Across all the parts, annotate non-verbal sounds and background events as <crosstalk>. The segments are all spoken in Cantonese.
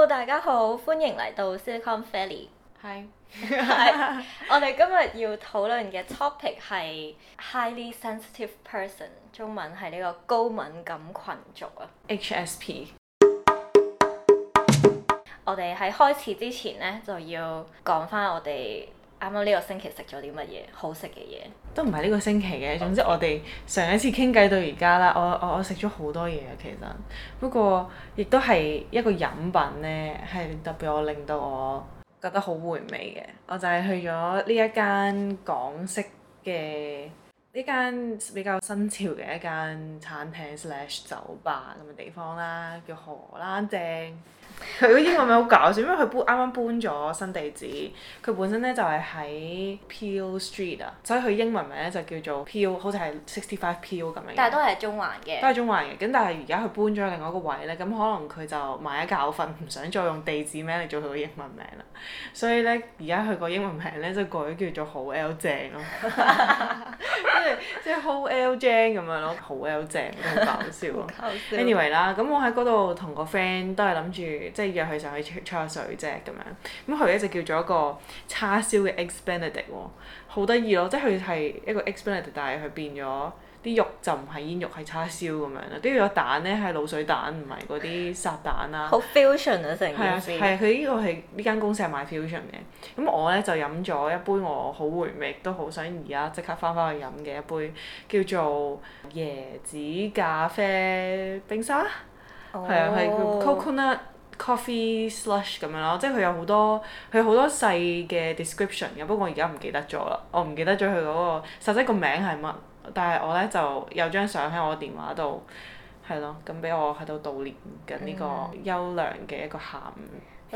好，大家好，歡迎嚟到 Silicon Valley。係，我哋今日要討論嘅 topic 係 highly sensitive person，中文係呢個高敏感群族啊。HSP。我哋喺開始之前呢，就要講翻我哋。啱啱呢個星期食咗啲乜嘢好食嘅嘢？都唔係呢個星期嘅，Okay. 總之我哋上一次傾偈到而家啦，我我我食咗好多嘢其實，不過亦都係一個飲品呢，係特別我令到我覺得好回味嘅。我就係去咗呢一間港式嘅呢間比較新潮嘅一間餐廳/酒吧咁嘅地方啦，叫荷蘭正。佢個英文名好搞笑，因為佢搬啱啱搬咗新地址，佢本身咧就係喺 p e l l Street 啊，所以佢英文名咧就叫做 p e l l 好似係 Sixty Five p e l l 咁樣但，但係都係中環嘅。都係中環嘅，咁但係而家佢搬咗另外一個位咧，咁可能佢就買咗教訓，唔想再用地址名嚟做佢嘅英文名啦。所以咧，而家佢個英文名咧就改叫做好 L Jane 咯，即係即係 Ho L j 咁樣咯。好 L j a 好搞笑啊 <laughs> <laughs> ！Anyway 啦，咁我喺嗰度同個 friend 都係諗住。即約佢上去吹下水啫咁樣，咁、嗯、佢一直叫咗個叉燒嘅 Eggs Benedict 喎，好得意咯！即係佢係一個 Eggs Benedict，但係佢變咗啲肉就唔係煙肉，係叉燒咁樣啦。跟住個蛋咧係鹵水蛋，唔係嗰啲烚蛋啦。好 fusion 啊，成個係啊！佢呢、啊呢個係呢間公司係賣 fusion 嘅。咁、嗯嗯、我咧就飲咗一杯，我好回味，都好想而家即刻翻返去飲嘅一杯，叫做椰子咖啡冰沙。係啊、oh.，係叫 coconut。coffee slush 咁樣咯，即係佢有好多佢好多細嘅 description 嘅，不過我而家唔記得咗啦，我唔記得咗佢嗰個實際個名係乜，但係我咧就有張相喺我電話度，係咯，咁俾我喺度悼念緊呢個優良嘅一個下午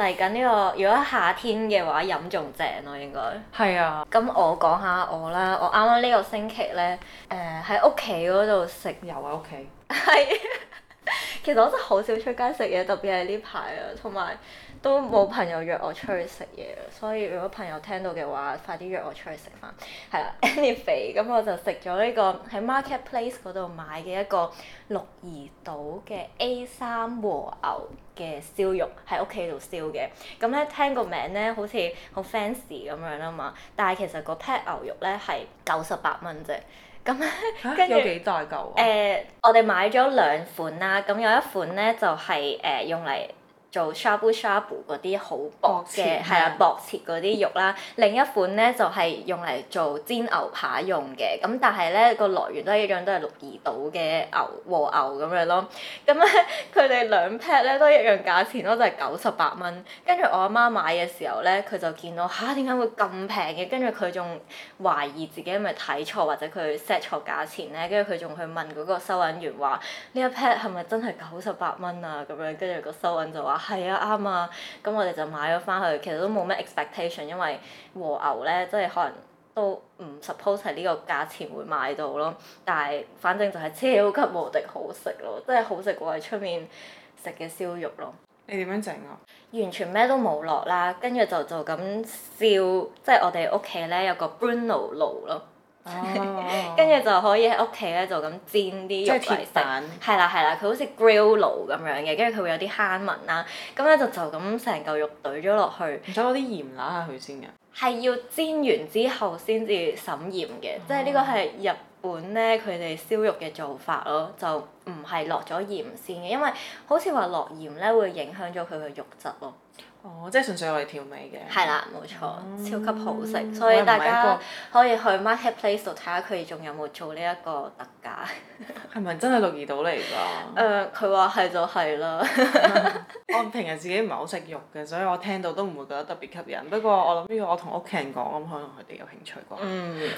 嚟緊呢個，如果夏天嘅話，飲仲正咯應該。係啊。咁、啊、我講下我啦，我啱啱呢個星期咧，誒喺屋企嗰度食。又喺屋企。係。其實我真係好少出街食嘢，特別係呢排啊，同埋都冇朋友約我出去食嘢。所以如果朋友聽到嘅話，快啲約我出去食飯。係啦，anyway，咁我就食咗呢個喺 Market Place 嗰度買嘅一個鹿兒島嘅 A 三和牛嘅燒肉，喺屋企度燒嘅。咁咧聽個名咧，好似好 fancy 咁樣啊嘛，但係其實個 pet 牛肉咧係九十八蚊啫。咁跟住，誒，我哋買咗兩款啦。咁有一款咧，就係、是、誒、呃、用嚟做 shabu shabu 嗰啲好薄嘅。係啊，薄切嗰啲肉啦。 <laughs> 另一款咧就係用嚟做煎牛扒用嘅。咁但係咧，個來源都係一樣，都係鹿兒島嘅牛和牛咁樣咯。咁咧佢哋兩 pack 咧都一樣價錢咯，都係九十八蚊。跟住我阿媽買嘅時候咧，佢就見到吓，點解會咁平嘅？跟住佢仲懷疑自己係咪睇錯或者佢 set 錯價錢咧？跟住佢仲去問嗰個收銀員話呢一 pack 係咪真係九十八蚊啊？咁樣。跟住個收銀就話。係啊，啱啊，咁、啊、我哋就買咗翻去，其實都冇咩 expectation，因為和牛咧，即係可能都唔 suppose 係呢個價錢會買到咯。但係反正就係超級無敵好食咯，即係真係好食過喺出面食嘅燒肉咯。你點樣整啊？完全咩都冇落啦，跟住就就咁燒，即係我哋屋企咧有個 Bruno 爐咯。跟住 <laughs> 就可以喺屋企咧，就咁煎啲肉嚟食。係啦係啦，佢好似 grill 爐咁樣嘅，跟住佢會有啲坑紋啦。咁咧就就咁成嚿肉攤咗落去。唔使攞啲鹽揦下佢先㗎。係要煎完之後先至滲鹽嘅，哦、即係呢個係日本咧佢哋燒肉嘅做法咯，就唔係落咗鹽先嘅，因為好似話落鹽咧會影響咗佢嘅肉質咯。哦，oh, 即係純粹我嚟調味嘅。係啦、嗯，冇錯，超級好食，嗯、所以大家可以去 Marketplace 度睇下佢哋仲有冇做呢一個特價。係咪 <laughs> 真係六二到嚟㗎？誒、嗯，佢話係就係啦。 <laughs> <laughs> 我平日自己唔係好食肉嘅，所以我聽到都唔會覺得特別吸引。不過我諗呢個我同屋企人講，咁可能佢哋有興趣啩。嗯。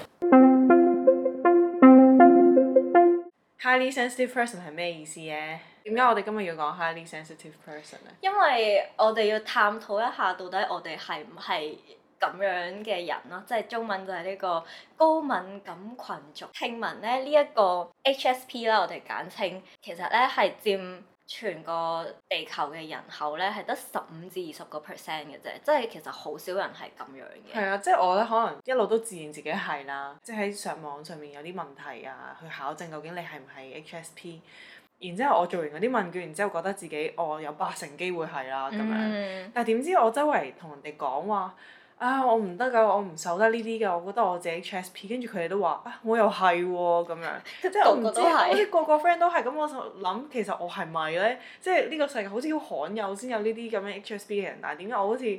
Highly <music> sensitive person 係咩意思咧？點解我哋今日要講 highly sensitive person 咧？因為我哋要探討一下，到底我哋係唔係咁樣嘅人咯？即係中文就係呢個高敏感群族。聽聞咧，呢一個 HSP 啦，我哋簡稱，其實咧係佔全個地球嘅人口咧，係得十五至二十個 percent 嘅啫。即係其實好少人係咁樣嘅。係啊，即係我咧，可能一路都自認自己係啦。即係喺上網上面有啲問題啊，去考證究竟你係唔係 HSP。然之後我做完嗰啲問卷，然之後覺得自己我、哦、有八成機會係啦咁樣，mm hmm. 但係點知我周圍同人哋講話，啊我唔得㗎，我唔受得呢啲㗎，我覺得我自己 HSP，跟住佢哋都話啊我又係喎咁樣，即係我唔知，我啲個個 friend 都係，咁我，我就諗其實我係咪呢？即係呢個世界好似好罕有先有呢啲咁嘅 HSP 嘅人，但係點解我好似？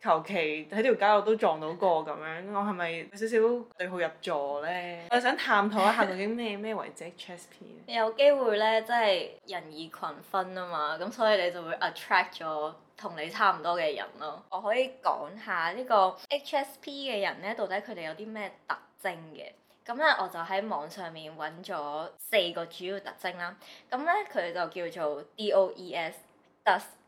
求其喺條街度都撞到過咁樣，我係咪有少少對號入座呢？我想探討一下究竟咩咩為止 HSP。你 <laughs> 有機會呢？即係人以群分啊嘛，咁所以你就會 attract 咗同你差唔多嘅人咯。我可以講下呢個 HSP 嘅人呢，到底佢哋有啲咩特徵嘅？咁呢，我就喺網上面揾咗四個主要特徵啦。咁呢，佢哋就叫做 DOES。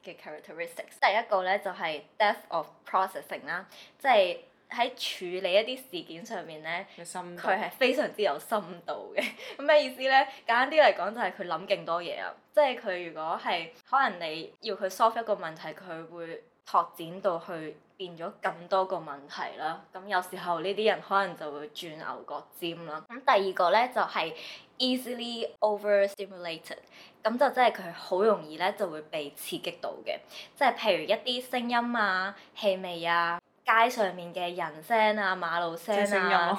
嘅 characteristics，第一個咧就係、是、depth of processing 啦，即係喺處理一啲事件上面咧，佢係非常之有深度嘅，咁 <laughs> 咩意思咧，簡單啲嚟講就係佢諗勁多嘢啊，即係佢如果係可能你要佢 solve 一個問題，佢會拓展到去變咗咁多個問題啦，咁有時候呢啲人可能就會轉牛角尖啦，咁、嗯、第二個咧就係、是。Easily overstimulated，咁就即係佢好容易咧就會被刺激到嘅，即係譬如一啲聲音啊、氣味啊、街上面嘅人聲啊、馬路聲音、啊，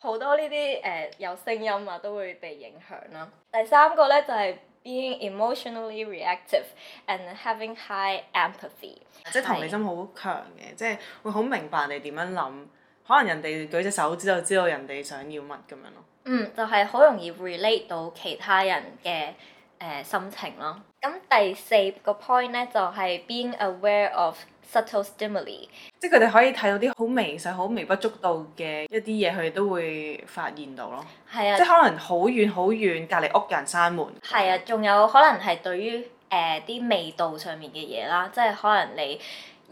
好多呢啲誒有聲音啊、呃、聲音啊都會被影響啦。第三個咧就係、是、Being emotionally reactive and having high empathy，即係同理心好強嘅，是即係會好明白你點樣諗。可能人哋舉隻手指就知道人哋想要乜咁樣咯。嗯，就係、是、好容易 relate 到其他人嘅誒、呃、心情咯。咁第四個 point 咧就係、是、being aware of subtle stimuli，即係佢哋可以睇到啲好微細、好微不足道嘅一啲嘢，佢哋都會發現到咯。係啊，即係可能好遠,遠、好遠隔離屋嘅人閂門。係啊，仲有可能係對於誒啲、呃、味道上面嘅嘢啦，即係可能你。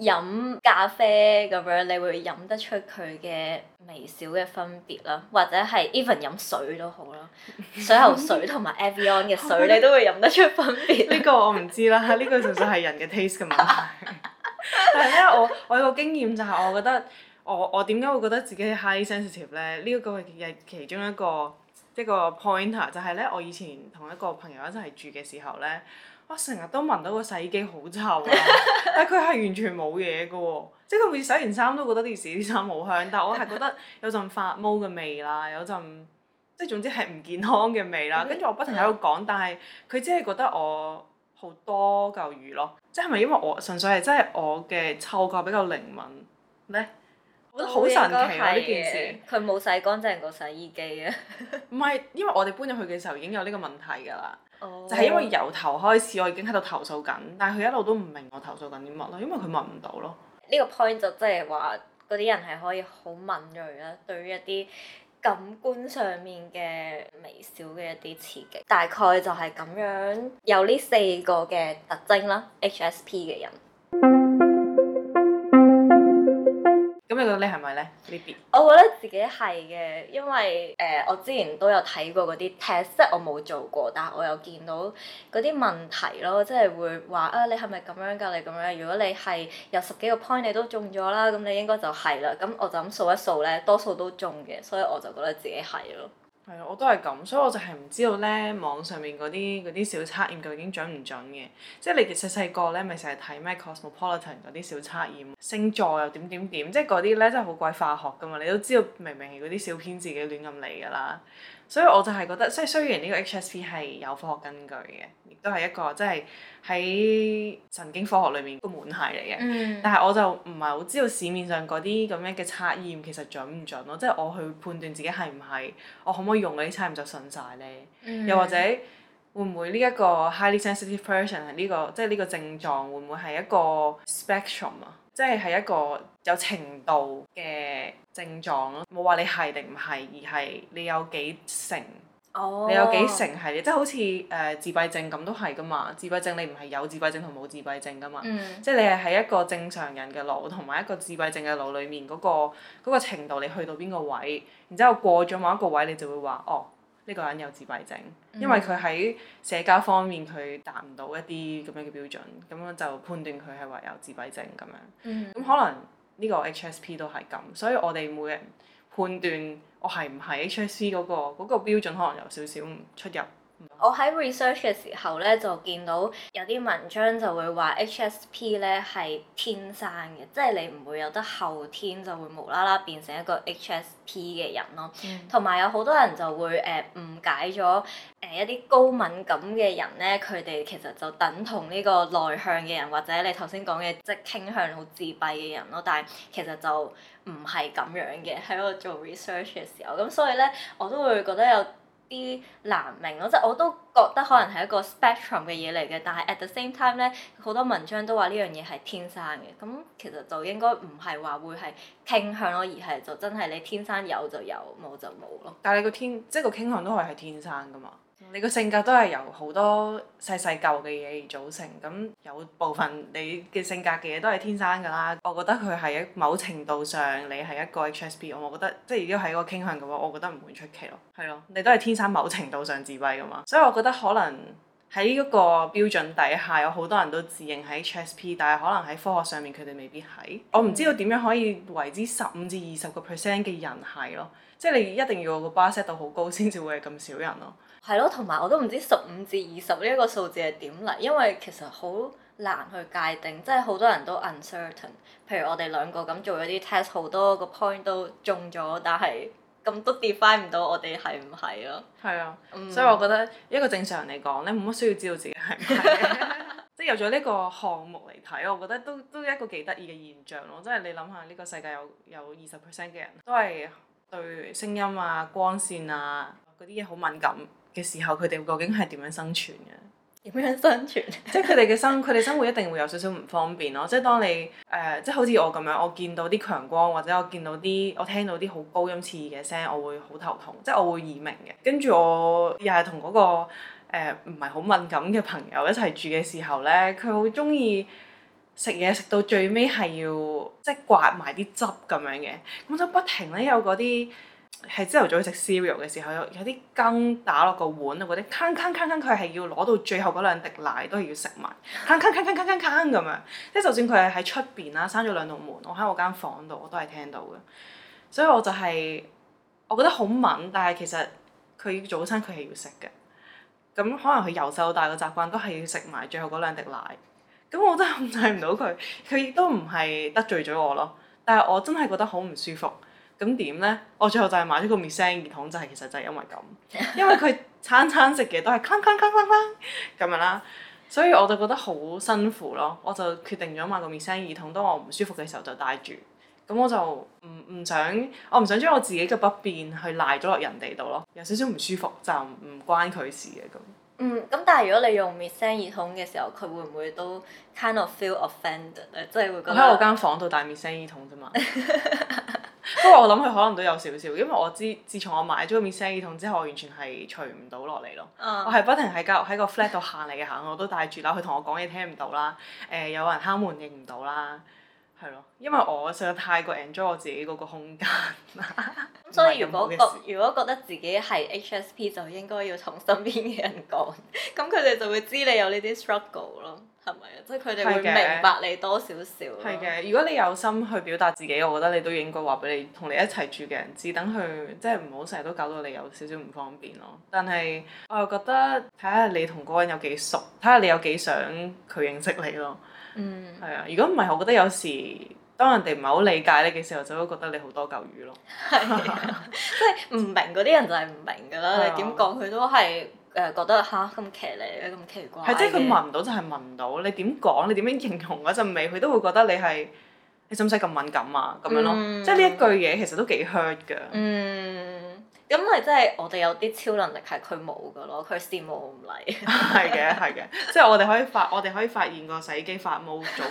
飲咖啡咁樣，你會飲得出佢嘅微小嘅分別啦，或者係 even 飲水都好啦，水喉水同埋、e、Avion 嘅水，你都會飲得出分別。呢 <laughs> 個我唔知啦，呢個純粹係人嘅 taste 嘅問題。 <laughs> <laughs> 但係咧，我我有個經驗就係我覺得，我我點解會覺得自己 high sensitive 咧？呢、呢個究竟係其中一個一個 point 就係咧，我以前同一個朋友一齊住嘅時候咧。我成日都聞到個洗衣機好臭啊，但佢係完全冇嘢嘅喎，即係佢每次洗完衫都覺得呢件事啲衫好香，但係我係覺得有陣發毛嘅味啦，有陣即係總之係唔健康嘅味啦。Mm hmm. 跟住我不停喺度講，mm hmm. 但係佢只係覺得我好多嚿魚咯，即係咪因為我純粹係真係我嘅嗅覺比較靈敏咧？我覺得好神奇啊！呢件事佢冇洗乾淨個洗衣機啊，唔係 <laughs> 因為我哋搬入去嘅時候已經有呢個問題㗎啦。Oh. 就係因為由頭開始，我已經喺度投訴緊，但係佢一路都唔明我投訴緊啲乜咯，因為佢問唔到咯。呢個 point 就即係話嗰啲人係可以好敏銳啦，對於一啲感官上面嘅微小嘅一啲刺激，大概就係咁樣，有呢四個嘅特徵啦，HSP 嘅人。咁你覺得你係咪咧呢邊？我覺得自己係嘅，因為誒、呃，我之前都有睇過嗰啲 test，即我冇做過，但係我有見到嗰啲問題咯，即係會話啊，你係咪咁樣㗎？你咁樣，如果你係有十幾個 point 你都中咗啦，咁你應該就係啦。咁我就咁數一數咧，多數都中嘅，所以我就覺得自己係咯。係啊，我都係咁，所以我就係唔知道呢網上面嗰啲嗰啲小測驗究竟準唔準嘅？即係你哋細細個呢咪成日睇咩《Cosmopolitan》嗰啲小測驗，星座又點點點，即係嗰啲呢真係好鬼化學噶嘛？你都知道，明明係嗰啲小編自己亂咁嚟噶啦。所以我就係覺得，即係雖然呢個 HSP 係有科學根據嘅，亦都係一個即係喺神經科學裏面個門派嚟嘅，嗯、但係我就唔係好知道市面上嗰啲咁樣嘅測驗其實準唔準咯，即、就、係、是、我去判斷自己係唔係我可唔可以用嗰啲測驗就信晒咧，嗯、又或者會唔會呢、這個就是、一個 highly sensitive person 係呢個即係呢個症狀會唔會係一個 spectrum 啊？即係係一個有程度嘅症狀咯，冇話你係定唔係，而係你有幾成，oh. 你有幾成係，你即係好似誒、呃、自閉症咁都係噶嘛，自閉症你唔係有自閉症同冇自閉症噶嘛，mm. 即係你係喺一個正常人嘅腦同埋一個自閉症嘅腦裡面嗰、嗰個嗰個程度，你去到邊個位，然之後過咗某一個位，你就會話哦。呢個人有自閉症，因為佢喺社交方面佢達唔到一啲咁樣嘅標準，咁樣就判斷佢係話有自閉症咁樣。咁、嗯、可能呢個 HSP 都係咁，所以我哋每日判斷我係唔係 HSP 嗰個嗰個標準，可能有少少出入。我喺 research 嘅時候咧，就見到有啲文章就會話 HSP 咧係天生嘅，即係你唔會有得後天就會無啦啦變成一個 HSP 嘅人咯。同埋有好多人就會誒誤解咗誒一啲高敏感嘅人咧，佢哋其實就等同呢個內向嘅人，或者你頭先講嘅即係傾向好自閉嘅人咯。但係其實就唔係咁樣嘅。喺我做 research 嘅時候，咁所以咧我都會覺得有啲難明咯，即係我都覺得可能係一個 spectrum 嘅嘢嚟嘅，但係 at the same time 呢，好多文章都話呢樣嘢係天生嘅，咁其實就應該唔係話會係傾向咯，而係就真係你天生有就有，冇就冇咯。但係你個天，即係個傾向都可以係天生噶嘛。你個性格都係由好多細細舊嘅嘢而組成，咁有部分你嘅性格嘅嘢都係天生㗎啦。我覺得佢係某程度上你係一個 HSP，我覺得即係如果係一個傾向嘅話，我覺得唔會出奇咯。係咯，你都係天生某程度上自閉㗎嘛。所以我覺得可能喺嗰個標準底下，有好多人都自認係 HSP，但係可能喺科學上面佢哋未必係。我唔知道點樣可以為之十五至二十個 percent 嘅人係咯，即係你一定要個 bar set 到好高先至會係咁少人咯。係咯，同埋我都唔知十五至二十呢一個數字係點嚟，因為其實好難去界定，即係好多人都 uncertain。譬如我哋兩個咁做咗啲 test，好多個 point 都中咗，但係咁都 define 唔到我哋係唔係咯。係啊，啊嗯、所以我覺得一個正常嚟講咧，冇乜需要知道自己係唔係。即係有咗呢個項目嚟睇，我覺得都都一個幾得意嘅現象咯。即係你諗下，呢個世界有有二十 percent 嘅人，都係對聲音啊、光線啊嗰啲嘢好敏感，嘅時候，佢哋究竟係點樣生存嘅？點樣生存？ <laughs> 即係佢哋嘅生，佢哋生活一定會有少少唔方便咯。即係當你誒、呃，即係好似我咁樣，我見到啲強光，或者我見到啲，我聽到啲好高音刺耳嘅聲，我會好頭痛，即係我會耳鳴嘅。跟住我又係同嗰個唔係好敏感嘅朋友一齊住嘅時候咧，佢好中意食嘢食到最尾係要即係刮埋啲汁咁樣嘅，咁就不停咧有嗰啲。係朝頭早食 Cereal 嘅時候，有有啲羹打落個碗，我啲坑坑坑坑佢係要攞到最後嗰兩滴奶都係要食埋，坑坑坑坑坑坑咁樣，即係就算佢係喺出邊啦，閂咗兩道門，我喺我間房度我都係聽到嘅，所以我就係、是、我覺得好敏，但係其實佢早餐佢係要食嘅，咁可能佢由細到大個習慣都係要食埋最後嗰兩滴奶，咁我都控制唔到佢，佢亦都唔係得罪咗我咯，但係我真係覺得好唔舒服。咁點呢？我最後就係買咗個 missing 耳筒，就係其實就係因為咁，因為佢餐餐食嘅都係坑坑坑坑坑咁樣啦，所以我就覺得好辛苦咯。我就決定咗買個 missing 耳筒，當我唔舒服嘅時候就戴住。咁我就唔唔想，我唔想將我自己嘅不便去賴咗落人哋度咯。有少少唔舒服就唔關佢事嘅咁。嗯，咁但係如果你用 missing 耳筒嘅時候，佢會唔會都 kind of feel offended？即係會覺得 我喺我間房度戴 missing 耳筒啫嘛。 <laughs> 不過 <laughs> 我諗佢可能都有少少，因為我知自，自從我買咗個耳筒之後，我完全係除唔到落嚟咯。Uh. 我係不停喺隔喺個 flat 度行嚟行去，我都戴住啦，佢同我講嘢聽唔到啦。誒、呃，有人敲門認唔到啦，係咯。因為我實在太過 enjoy 我自己嗰個空間啦。咁所以如果覺如果覺得自己係 HSP，就應該要同身邊嘅人講，咁佢哋就會知你有呢啲 struggle 咯。即係佢哋會明白你多少少咯。係嘅，如果你有心去表達自己，我覺得你都應該話俾你同你一齊住嘅人知，等佢即係唔好成日都搞到你有少少唔方便咯。但係我又覺得睇下你同嗰個人有幾熟，睇下你有幾想佢認識你咯。嗯。係啊，如果唔係，我覺得有時當人哋唔係好理解你嘅時候，就會覺得你好多嚿魚咯。係即係唔明嗰啲人就係唔明㗎啦。你點講佢都係。誒覺得嚇咁奇怪咧，咁奇怪。係，即係佢聞唔到就係聞唔到，你點講？你點樣形容嗰陣味，佢都會覺得你係，你使唔使咁敏感啊？咁樣咯，嗯、即係呢一句嘢其實都幾 hurt 噶。嗯。咁咪即係我哋有啲超能力係佢冇噶咯，佢羨慕唔嚟。係嘅， <laughs> <laughs> 係嘅，即係我哋可以發，我哋可以發現個洗衣機發毛咗。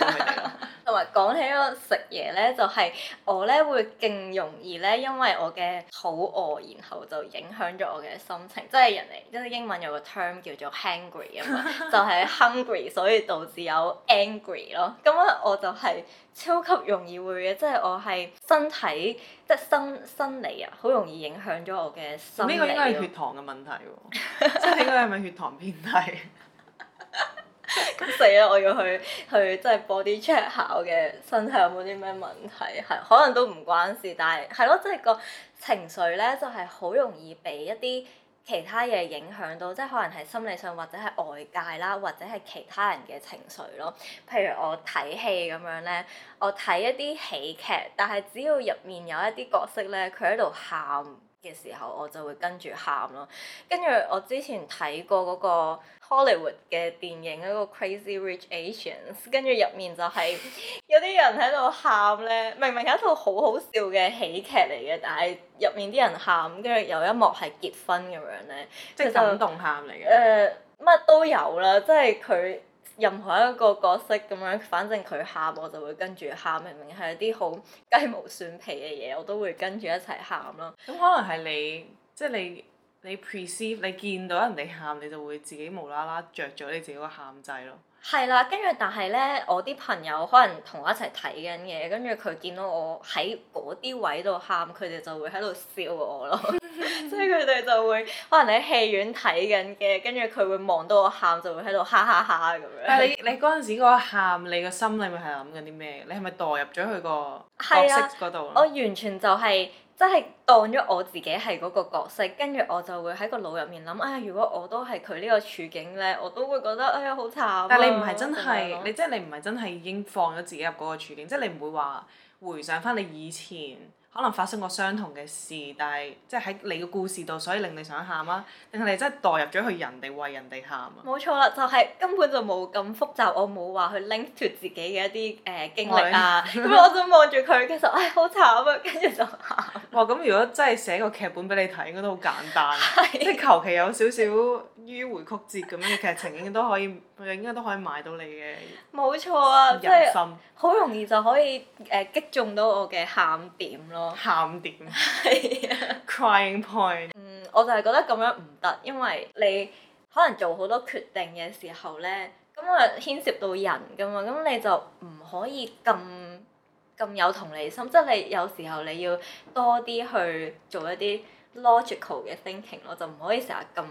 同埋講起我食嘢咧，就係、是、我咧會勁容易咧，因為我嘅肚餓，然後就影響咗我嘅心情。即、就、係、是、人哋，因為英文有個 term 叫做 hangry 啊嘛，就係 hungry，所以導致有 angry 咯。咁啊，我就係、是。超級容易會嘅，即係我係身體即身身理啊，好容易影響咗我嘅心理。呢個應該係血糖嘅問題喎，即係應該係咪血糖偏低？咁死啦！我要去去即係 body check 下我嘅身體有冇啲咩問題，係可能都唔關事，但係係咯，即係個情緒咧，就係好容易俾一啲其他嘢影響到，即係可能係心理上，或者係外界啦，或者係其他人嘅情緒咯。譬如我睇戲咁樣呢，我睇一啲喜劇，但係只要入面有一啲角色呢，佢喺度喊嘅時候我就會跟住喊咯，跟住我之前睇過嗰個 Hollywood 嘅電影嗰個 Crazy Rich Asians，跟住入面就係有啲人喺度喊呢。明明係一套好好笑嘅喜劇嚟嘅，但係入面啲人喊，跟住有一幕係結婚咁樣呢、呃，即係感動喊嚟嘅。乜都有啦，即係佢。任何一個角色咁樣，反正佢喊我就會跟住喊，明明係一啲好雞毛蒜皮嘅嘢，我都會跟住一齊喊咯。咁可能係你，即係你，你 perceive 你見到人哋喊，你就會自己無啦啦着咗你自己個喊制咯。係啦，跟住但係咧，我啲朋友可能同我一齊睇緊嘢，跟住佢見到我喺嗰啲位度喊，佢哋就會喺度笑我咯。 <laughs> <laughs> 所以佢哋就會可能喺戲院睇緊嘅，跟住佢會望到我喊，就會喺度哈哈哈咁樣。但 <laughs> 你你嗰陣時個喊，你個心裏面係諗緊啲咩？你係咪墮入咗佢個角色嗰度？的 <laughs> 我完全就係、是。真係當咗我自己係嗰個角色，跟住我就會喺個腦入面諗，哎，如果我都係佢呢個處境呢，我都會覺得，哎呀，好慘啊！但你唔係真係，的你即係你唔係真係已經放咗自己入嗰個處境，即係你唔會話回想翻你以前。可能發生過相同嘅事，但係即係喺你嘅故事度，所以令你想喊啦、啊。令你真係代入咗去人哋為人哋喊、啊。冇錯啦，就係、是、根本就冇咁複雜。我冇話去 link 住自己嘅一啲誒、呃、經歷啊。咁 <laughs> 我就望住佢，其實唉，好、哎、慘啊，跟住就喊。哇！咁如果真係寫個劇本俾你睇，應該都好簡單。 <laughs> 是即係求其有少少迂迴曲折咁嘅劇情，應該都可以。我哋應該都可以買到你嘅。冇錯啊，即係好容易就可以誒、呃、擊中到我嘅喊點咯。喊點？係啊。Crying point。嗯，我就係覺得咁樣唔得，因為你可能做好多決定嘅時候咧，咁啊牽涉到人㗎嘛，咁你就唔可以咁咁有同理心，即、就、係、是、你有時候你要多啲去做一啲。Logical 嘅 thinking 咯，就唔可以成日咁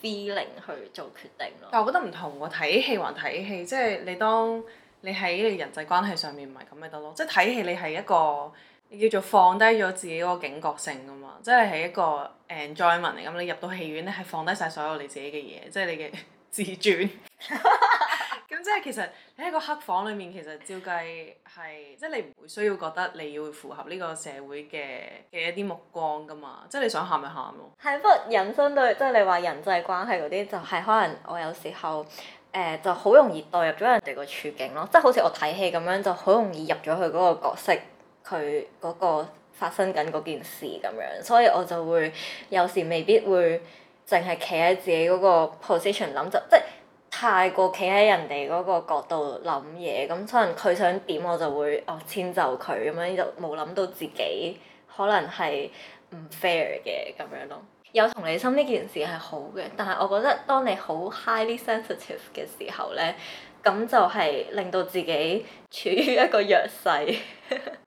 feeling 去做決定咯。但我覺得唔同喎，睇戲還睇戲，即係你當你喺你人際關係上面唔係咁咪得咯，即係睇戲你係一個你叫做放低咗自己嗰個警覺性噶嘛，即係係一個 enjoyment 嚟，咁你入到戲院咧係放低晒所有你自己嘅嘢，即係你嘅自尊。 <laughs> 即係其實你喺個黑房裏面，其實照計係，即係你唔會需要覺得你要符合呢個社會嘅嘅一啲目光噶嘛。即係你想喊咪喊囉。係，不過人生對，即係你話人際關係嗰啲，就係可能我有時候誒就好容易代入咗人哋個處境咯。即係好似我睇戲咁樣，就好容易入咗佢嗰個角色，佢嗰個發生緊嗰件事咁樣，所以我就會有時未必會淨係企喺自己嗰個 position 諗就即係太過企喺人哋嗰個角度諗嘢，咁可能佢想點我就會哦遷就佢咁樣，就冇諗到自己可能係唔 fair 嘅咁樣咯。有同理心呢件事係好嘅，但係我覺得當你好 highly sensitive 嘅時候呢，咁就係令到自己處於一個弱勢。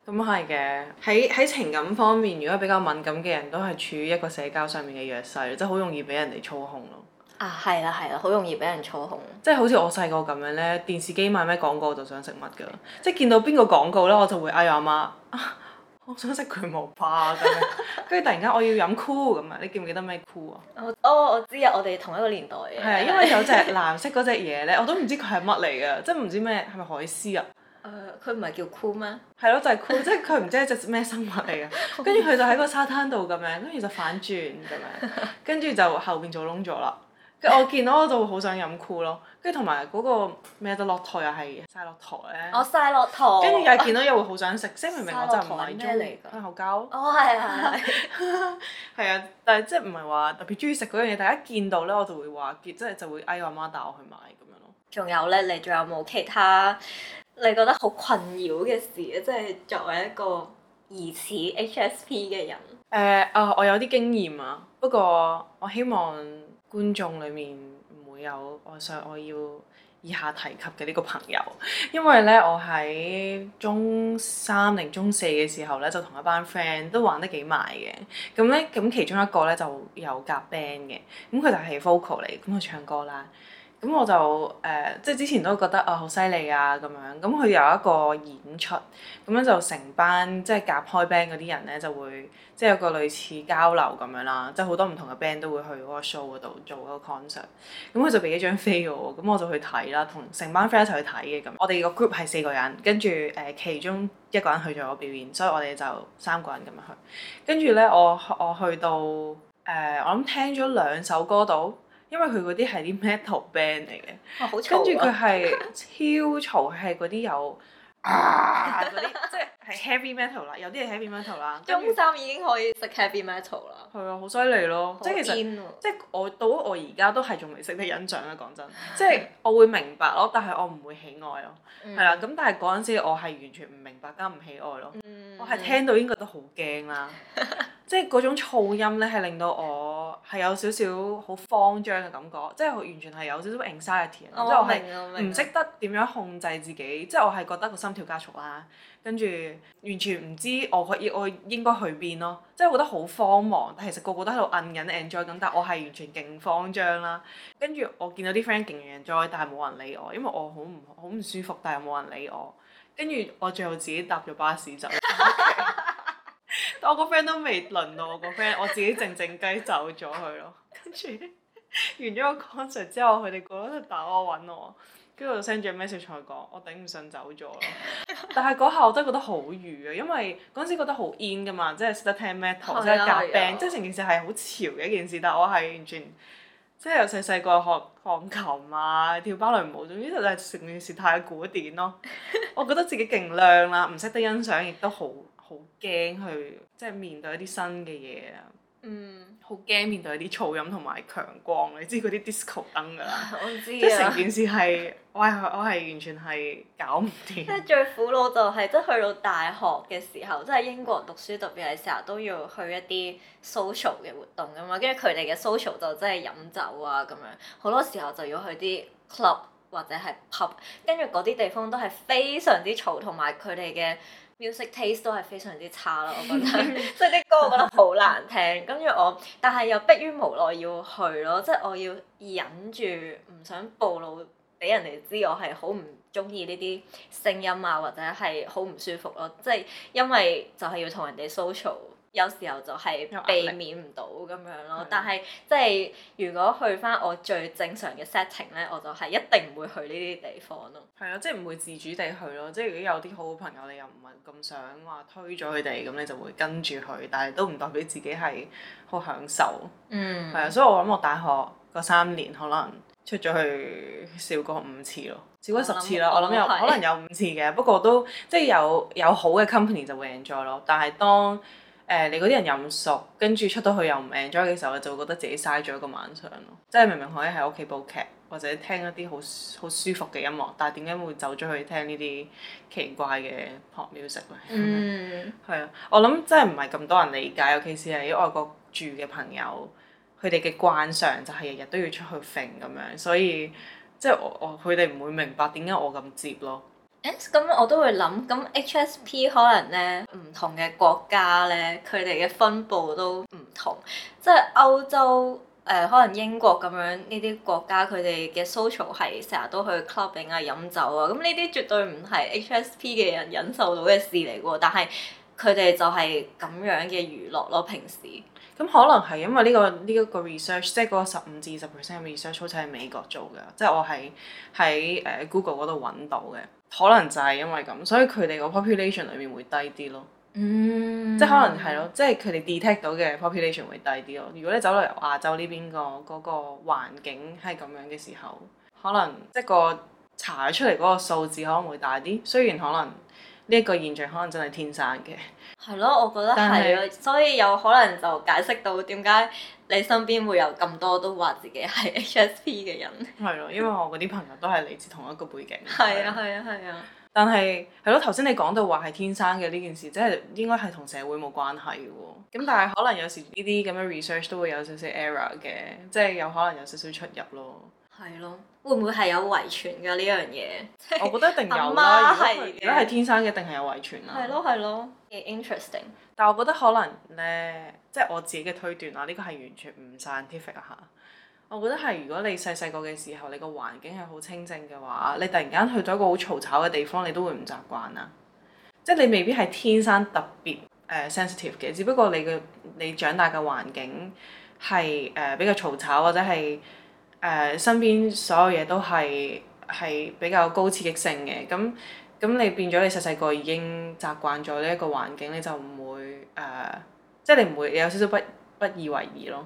咁係嘅。喺喺情感方面，如果比較敏感嘅人都係處於一個社交上面嘅弱勢，即係好容易俾人哋操控咯。啊，係啦，係啦，好容易俾人操控。即係好似我細個咁樣咧，電視機賣咩廣告就想食乜噶啦！對 即係見到邊個廣告咧，我就會嗌阿媽，媽、啊，我想食巨無霸咁樣。跟住 <laughs> 突然間我要飲 Cool 咁啊！你記唔記得咩 Cool 啊？哦，我知啊，我哋同一個年代嘅。係啊，因為有隻藍色嗰隻嘢咧，我都唔知佢係乜嚟嘅，即係唔知咩係咪海獅啊？誒，佢唔係叫 Cool 咩？係咯，就係 Cool，即係佢唔知係隻咩生物嚟嘅。 <laughs> 跟住佢就喺個沙灘度咁樣，跟住就反轉咁樣，跟住就後邊就窿咗啦。 <laughs> <laughs> 我見到我就會好想飲酷咯，跟住同埋嗰個咩嘅樂台又係晒樂台咧。我曬樂台。跟住又係見到又會好想食，即係明明我真係唔係中意。曬樂台咩嚟㗎？香口膠。哦，係係係。係啊，但係即係唔係話特別中意食嗰樣嘢，但係一見到咧我就會話，即係就會嗌我媽帶我去買咁樣咯。仲有咧，你仲有冇其他你覺得好困擾嘅事啊？即係作為一個疑似 HSP 嘅人。誒啊、呃呃！我有啲經驗啊，不過我希望。觀眾裏面唔會有我想我要以下提及嘅呢個朋友，因為咧我喺中三定中四嘅時候咧就同一班 friend 都玩得幾埋嘅，咁咧咁其中一個咧就有夾 band 嘅，咁、嗯、佢就係 vocal 嚟，咁、嗯、佢唱歌啦。咁我就誒、呃，即係之前都覺得、哦、啊，好犀利啊咁樣。咁佢有一個演出，咁樣就成班即係夾開 band 嗰啲人咧，就會即係有個類似交流咁樣啦。即係好多唔同嘅 band 都會去嗰個 show 嗰度做嗰個 concert。咁佢就俾咗張飛我，咁我就去睇啦，同成班 friend 一齊去睇嘅咁。我哋個 group 係四個人，跟住誒其中一個人去咗表演，所以我哋就三個人咁樣去。跟住咧，我我去到誒、呃，我諗聽咗兩首歌度。因為佢嗰啲係啲 metal band 嚟嘅，啊、跟住佢係超嘈，係嗰啲有嗰啲即係 heavy metal 啦，有啲係 heavy metal 啦。中三已經可以食 heavy metal 啦。係啊，好犀利咯！啊、即係其實，即係我到我而家都係仲未識得欣賞啦。講真，即係我會明白咯，但係我唔會喜愛咯。係啦、嗯，咁、啊、但係嗰陣時我係完全唔明白，加唔喜愛咯。嗯我係聽到已經覺得好驚啦， <laughs> 即係嗰種噪音咧，係令到我係有少少好慌張嘅感覺，即佢完全係有少少 anxiety 啊！即係我係唔識得點樣控制自己，即係我係覺得個心跳加速啦、啊，跟住完全唔知我可以我應該去邊咯，即係我覺得好慌忙。其實個個都喺度摁緊 enjoy 咁，但我係完全勁慌張啦、啊。跟住我見到啲 friend 勁 enjoy，但係冇人理我，因為我好唔好唔舒服，但係冇人理我。跟住我最後自己搭咗巴士走。 <laughs> Okay. <laughs> 我個 friend 都未輪到我個 friend，我自己靜靜雞走咗去咯。 <laughs> 跟住完咗個 concert 之後，佢哋嗰度打我搵我，跟住我就 send 咗 message，同佢講，我頂唔順走咗。 <laughs> 但係嗰下我真係覺得好瘀啊，因為嗰陣時覺得好 in 㗎嘛，即係識得聽 metal <laughs> 的，即係夾 band，即係成件事係好潮嘅一件事，但係我係完全。即係由細細個學鋼琴啊、跳芭蕾舞，總之就係成件事太古典咯。 <laughs> 我覺得自己勁靚啦，唔識得欣賞，亦都好好驚去，即係面對一啲新嘅嘢啊～嗯，好驚面對啲噪音同埋強光，你知嗰啲 disco 燈㗎啦， <laughs> 我知道即係成件事係，我係我係完全係搞唔掂。即係最苦惱就係、是，即係去到大學嘅時候，即、就、係、是、英國讀書，特別係成日都要去一啲 social 嘅活動㗎嘛。跟住佢哋嘅 social 就真係飲酒啊咁樣，好多時候就要去啲 club 或者係 pub，跟住嗰啲地方都係非常之嘈同埋佢哋嘅。music taste 都係非常之差咯，我覺得，即係啲歌我覺得好難聽，跟住我，但係又迫於無奈要去咯，即係我要忍住唔想暴露俾人哋知我係好唔中意呢啲聲音啊，或者係好唔舒服咯，即係因為就係要同人哋 social。有時候就係避免唔到咁樣咯，但係即係如果去返我最正常嘅 setting 呢，我就係一定唔會去呢啲地方咯。係啊，即係唔會自主地去咯。即係如果有啲好好朋友，你又唔係咁想話推咗佢哋，咁你就會跟住去，但係都唔代表自己係好享受。嗯。係啊，所以我諗我大學嗰三年可能出咗去少過五次咯，少過十次啦。我諗有可能有五次嘅，不過都即係有有好嘅 company 就會 enjoy 咯。但係當誒、呃，你嗰啲人又唔熟，跟住出到去又唔 enjoy 嘅時候，就會覺得自己嘥咗一個晚上咯。即係明明可以喺屋企煲劇，或者聽一啲好好舒服嘅音樂，但係點解會走咗去聽呢啲奇怪嘅 pop music 咧？係啊、嗯 <laughs> 嗯，我諗真係唔係咁多人理解，尤其是係喺外國住嘅朋友，佢哋嘅慣常就係日日都要出去揈咁樣，所以即係我我佢哋唔會明白點解我咁接咯。誒咁、yes? 我都會諗，咁 HSP 可能咧唔同嘅國家咧，佢哋嘅分布都唔同，即係歐洲誒、呃、可能英國咁樣呢啲國家，佢哋嘅 social 係成日都去 clubbing 啊飲酒啊，咁呢啲絕對唔係 HSP 嘅人忍受到嘅事嚟嘅喎，但係佢哋就係咁樣嘅娛樂咯，平時。咁可能係因為呢、這個呢一、這個 research，即係嗰十五至二十 percent 嘅 research 好似喺美國做嘅，即係我喺喺誒 Google 度揾到嘅。可能就係因為咁，所以佢哋個 population 裏面會低啲咯。嗯，即係可能係咯，即係佢哋 detect 到嘅 population 會低啲咯。如果你走嚟亞洲呢邊個嗰個環境係咁樣嘅時候，可能即係個查出嚟嗰個數字可能會大啲。雖然可能呢一個現象可能真係天生嘅。係咯，我覺得係咯，是所以有可能就解釋到點解。你身邊會有咁多都話自己係 HSP 嘅人？係咯，因為我嗰啲朋友都係嚟自同一個背景。係 <laughs> 啊，係啊，係啊。但係係咯，頭先、啊、你講到話係天生嘅呢件事，即係應該係同社會冇關係嘅喎。咁但係可能有時呢啲咁樣 research 都會有少少 error 嘅，即係有可能有少少出入咯。係咯，會唔會係有遺傳嘅呢樣嘢？我覺得一定有啦， <laughs> 媽媽是 如果係的天生嘅，一定係有遺傳啦。係咯係咯，interesting。但係我覺得可能咧，即係我自己嘅推斷啦，呢、呢個係完全唔 scientific 啊嚇。我覺得係，如果你細細個嘅時候，你個環境係好清靜嘅話，你突然間去到一個好嘈吵嘅地方，你都會唔習慣啦。即係你未必係天生特別誒、uh, sensitive 嘅，只不過你嘅你長大嘅環境係誒、uh, 比較嘈吵或者係。誒、uh, 身邊所有嘢都係，係比較高刺激性嘅，咁咁你變咗你細細個已經習慣咗呢一個環境，你就唔會誒，uh, 即係你唔會你有少少不不以為意咯，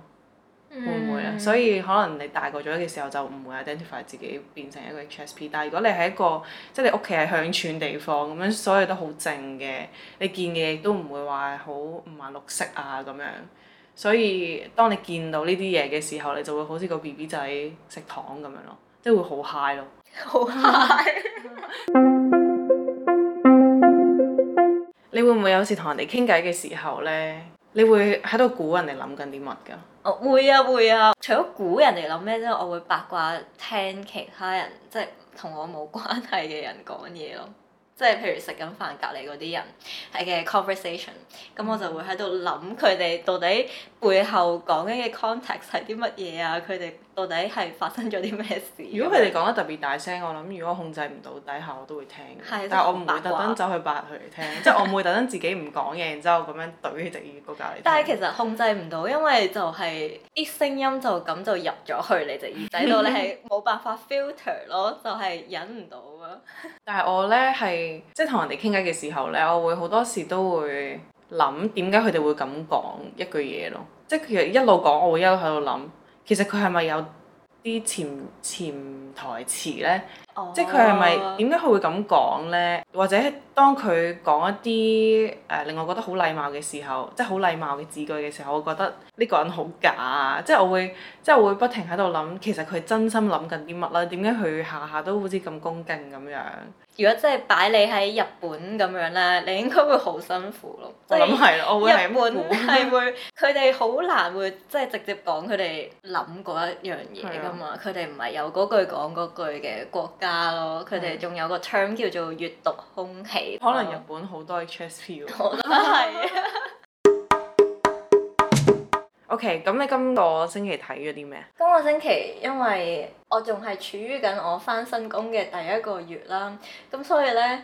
會唔會啊？Mm. 所以可能你大個咗嘅時候就唔會 identify 自己變成一個 HSP，但係如果你係一個，即係你屋企係鄉村地方咁樣，所有都好靜嘅，你見嘅嘢都唔會話好五顏六色啊，咁樣。所以當你見到呢啲嘢嘅時候，你就會好似個 B B 仔食糖咁樣咯，即係會好嗨 i 咯。好 <noise> 嗨樂！你會唔會有時同人哋傾偈嘅時候呢？你會喺度估人哋諗緊啲乜噶？我會啊會啊！會啊，除咗估人哋諗咩之外，我會八卦聽其他人即係同我冇關係嘅人講嘢咯。即係譬如食緊飯隔離嗰啲人喺嘅 conversation，咁、嗯、我就會喺度諗佢哋到底背後講緊嘅 context 係啲乜嘢啊？佢哋。到底係發生咗啲咩事？如果佢哋講得特別大聲，我諗如果我控制唔到底下，我都會聽。的但係我唔會特登卦走去八佢哋聽， <laughs> 即係我唔會特登自己唔講嘢，然之後咁樣懟佢隻耳。但係其實控制唔到，因為就係啲聲音就咁就入咗去你隻耳仔度咧，你係冇 <laughs> 辦法 filter 咯，就係、是、忍唔到啊。 <laughs> 但係我呢，係即係同人哋傾偈嘅時候呢，我會好多時都會諗點解佢哋會咁講一句嘢咯。即係其實一路講，我會一路喺度諗。其實佢係咪有啲潛潛台詞咧？哦、即係佢係咪點解佢會咁講呢？或者當佢講一啲誒、呃、令我覺得好禮貌嘅時候，即係好禮貌嘅字句嘅時候，我覺得呢個人好假，即係我會即係我會不停喺度諗，其實佢真心諗緊啲乜啦？點解佢下下都好似咁恭敬咁樣？如果真係擺你喺日本咁樣呢，你應該會好辛苦咯。我諗係咯，我會悶、就係。係會，佢哋好難會即係直接講佢哋諗嗰一樣嘢噶嘛。佢哋唔係有嗰句講嗰句嘅國咯，佢哋仲有個 term 叫做閱讀空氣，可能日本好多 HSP。我都係。OK，咁你今個星期睇咗啲咩？今個星期因為我仲係處於緊我返新工嘅第一個月啦，咁所以咧。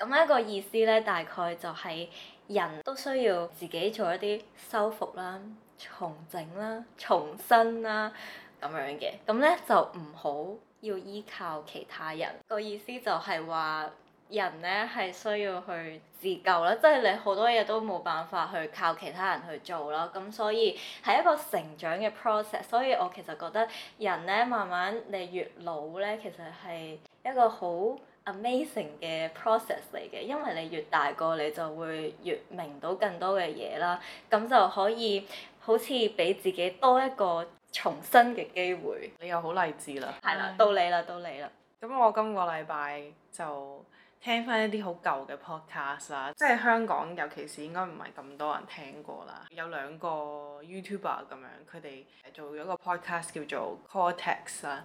咁一個意思咧，大概就係人都需要自己做一啲修復啦、重整啦、重生啦咁樣嘅。咁咧就唔好要，要依靠其他人。個意思就係話人咧係需要去自救啦，即係你好多嘢都冇辦法去靠其他人去做啦。咁所以係一個成長嘅 process。所以我其實覺得人咧慢慢你越老咧，其實係一個好。Amazing 嘅 process 嚟嘅，因為你越大個，你就會越明到更多嘅嘢啦，咁就可以好似俾自己多一個重新嘅機會。你又好勵志啦，係啦、哎，到你啦，到你啦。咁我今個禮拜就聽翻一啲好舊嘅 podcast 啦，即係香港尤其是應該唔係咁多人聽過啦，有兩個 YouTuber 咁樣，佢哋做咗個 podcast 叫做 Cortex 啦。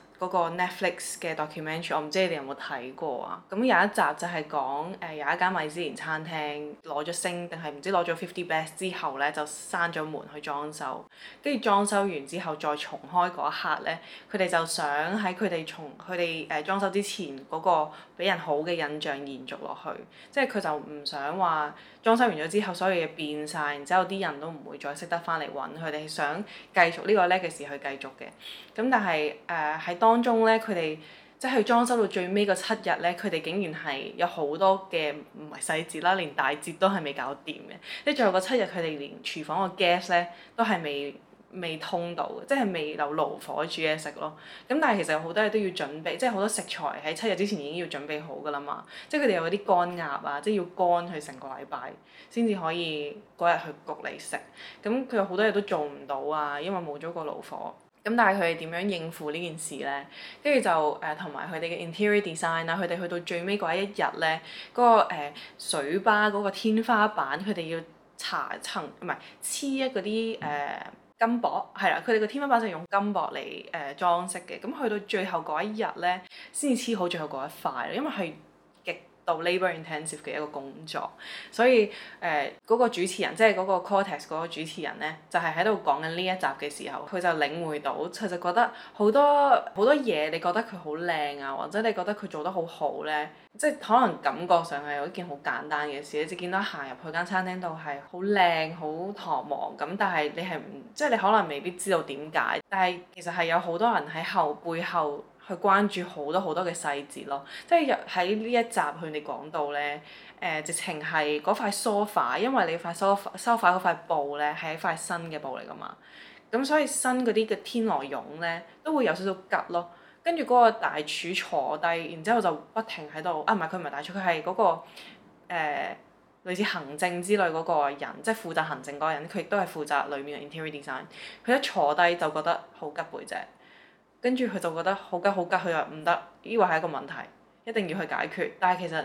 嗰個 Netflix 嘅 documentary，我唔知你哋有冇睇過啊？咁有一集就係講誒有一間米芝蓮餐廳攞咗星，定係唔知攞咗 fifty best 之後呢，就閂咗門去裝修，跟住裝修完之後再重開嗰一刻呢，佢哋就想喺佢哋重佢哋誒裝修之前嗰個俾人好嘅印象延續落去，即係佢就唔想話。裝修完咗之後，所有嘢變晒。然之後啲人都唔會再識得翻嚟揾佢哋，想繼續呢個 leg 嘅事去繼續嘅。咁但係誒喺當中呢，佢哋即係去裝修到最尾個七日呢，佢哋竟然係有好多嘅唔係細節啦，連大節都係未搞掂嘅。即係最後個七日，佢哋連廚房個 gas 呢都係未。未通到嘅，即係未留爐火煮嘢食咯。咁但係其實好多嘢都要準備，即係好多食材喺七日之前已經要準備好噶啦嘛。即係佢哋有啲乾鴨啊，即係要乾佢成個禮拜先至可以嗰日去焗嚟食。咁佢有好多嘢都做唔到啊，因為冇咗個爐火。咁但係佢哋點樣應付呢件事呢？跟住就誒同埋佢哋嘅 interior design 啦、啊。佢哋去到最尾嗰一日呢，嗰、那個、呃、水吧，嗰、那個天花板，佢哋要搽層唔係黐一嗰啲誒。金箔係啦，佢哋嘅天花板就用金箔嚟誒裝飾嘅，咁、嗯、去到最後嗰一日咧，先至黐好最後嗰一塊，因為係。到 labor-intensive 嘅一個工作，所以誒嗰、呃嗰個主持人，即係嗰個 cortex 嗰個主持人咧，就係喺度講緊呢一集嘅時候，佢就領會到，其實覺得好多好多嘢，你覺得佢好靚啊，或者你覺得佢做得好好咧，即係可能感覺上係一件好簡單嘅事，你只見到行入去間餐廳度係好靚好堂皇咁，但係你係唔即係你可能未必知道點解，但係其實係有好多人喺後背後。去關注好多好多嘅細節咯，即係入喺呢一集佢哋講到咧，誒、呃、直情係嗰塊 s o 因為你塊梳 o f a 嗰塊布咧係一塊新嘅布嚟噶嘛，咁所以新嗰啲嘅天鵝絨咧都會有少少急咯，跟住嗰個大廚坐低，然之後就不停喺度，啊唔係，佢唔係大廚，佢係嗰個誒、呃、類似行政之類嗰個人，即係負責行政嗰個人，佢亦都係負責裏面嘅 interior design，佢一坐低就覺得好吉背脊。跟住佢就覺得好吉好吉，佢話唔得，呢個係一個問題，一定要去解決。但係其實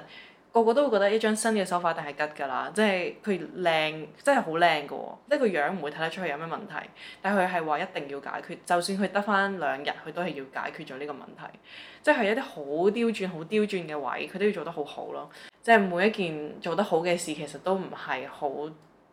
個個都會覺得一張新嘅手法定係吉㗎啦，即係佢靚，真係好靚㗎喎，即係個樣唔會睇得出去有咩問題。但係佢係話一定要解決，就算佢得返兩日，佢都係要解決咗呢個問題。即係一啲好刁鑽、好刁鑽嘅位，佢都要做得好好咯。即係每一件做得好嘅事，其實都唔係好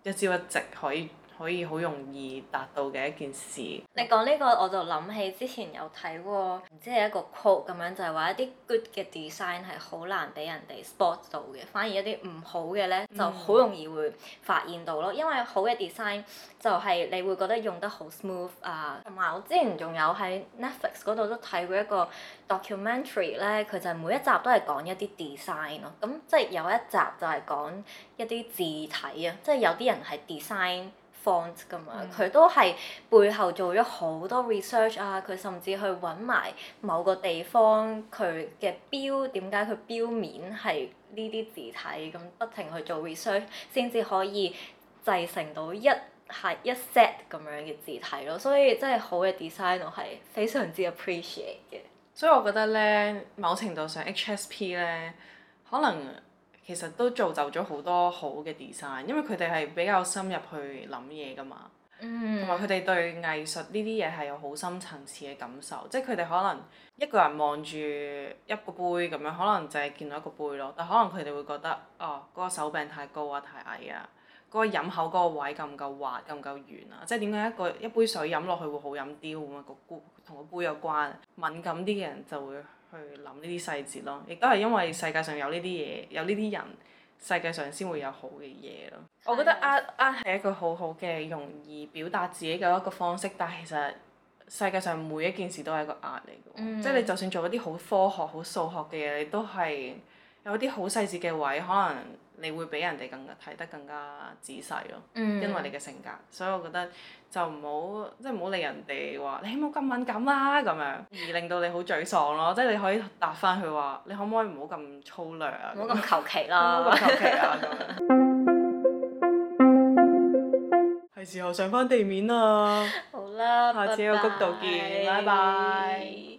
一朝一夕可以。可以好容易達到嘅一件事。你講呢個我就諗起之前有睇過，即係一個 quote 咁樣，就係話一啲 good 嘅 design 係好難俾人哋 spot 到嘅，反而一啲唔好嘅咧就好容易會發現到咯。嗯、因為好嘅 design 就係你會覺得用得好 smooth 啊，同埋我之前仲有喺 Netflix 嗰度都睇過一個 documentary 咧，佢就係每一集都係講一啲 design 咯。咁即係有一集就係講一啲字體啊，即係有啲人係 design。font 㗎嘛，佢都係背後做咗好多 research 啊，佢甚至去揾埋某個地方佢嘅標，點解佢標面係呢啲字體咁，不停去做 research，先至可以製成到一係一 set 咁樣嘅字體咯，所以真係好嘅 design 我係非常之 appreciate 嘅。所以我覺得咧，某程度上 HSP 咧，可能。其實都造就咗好多好嘅 design，因為佢哋係比較深入去諗嘢噶嘛，同埋佢哋對藝術呢啲嘢係有好深層次嘅感受，即係佢哋可能一個人望住一個杯咁樣，可能淨係見到一個杯咯，但可能佢哋會覺得，哦，嗰個手柄太高啊、太矮啊，嗰個飲口嗰個位夠唔夠滑、夠唔夠圓啊，即係點解一個一杯水飲落去會好飲啲，會唔會個罐同個杯有關？敏感啲嘅人就會去諗呢啲細節咯，亦都係因為世界上有呢啲嘢，有呢啲人，世界上先會有好嘅嘢咯。的我覺得 art、art 係一個好好嘅，容易表達自己嘅一個方式，但係其實世界上每一件事都係一個 art 嚟嘅，嗯、即係你就算做一啲好科學、好數學嘅嘢，你都係有啲好細節嘅位可能。你會比人哋更睇得更加仔細咯，嗯、因為你嘅性格，所以我覺得就唔好，即係唔好令人哋話你冇咁敏感啦、啊、咁樣，而令到你好沮喪咯。即、就、係、是、你可以答翻佢話，你可唔可以唔好咁粗略啊？唔好咁求其啦，咁求其啊！係時候上翻地面啦，好啦吧，下次喺個谷度見，拜拜。拜拜。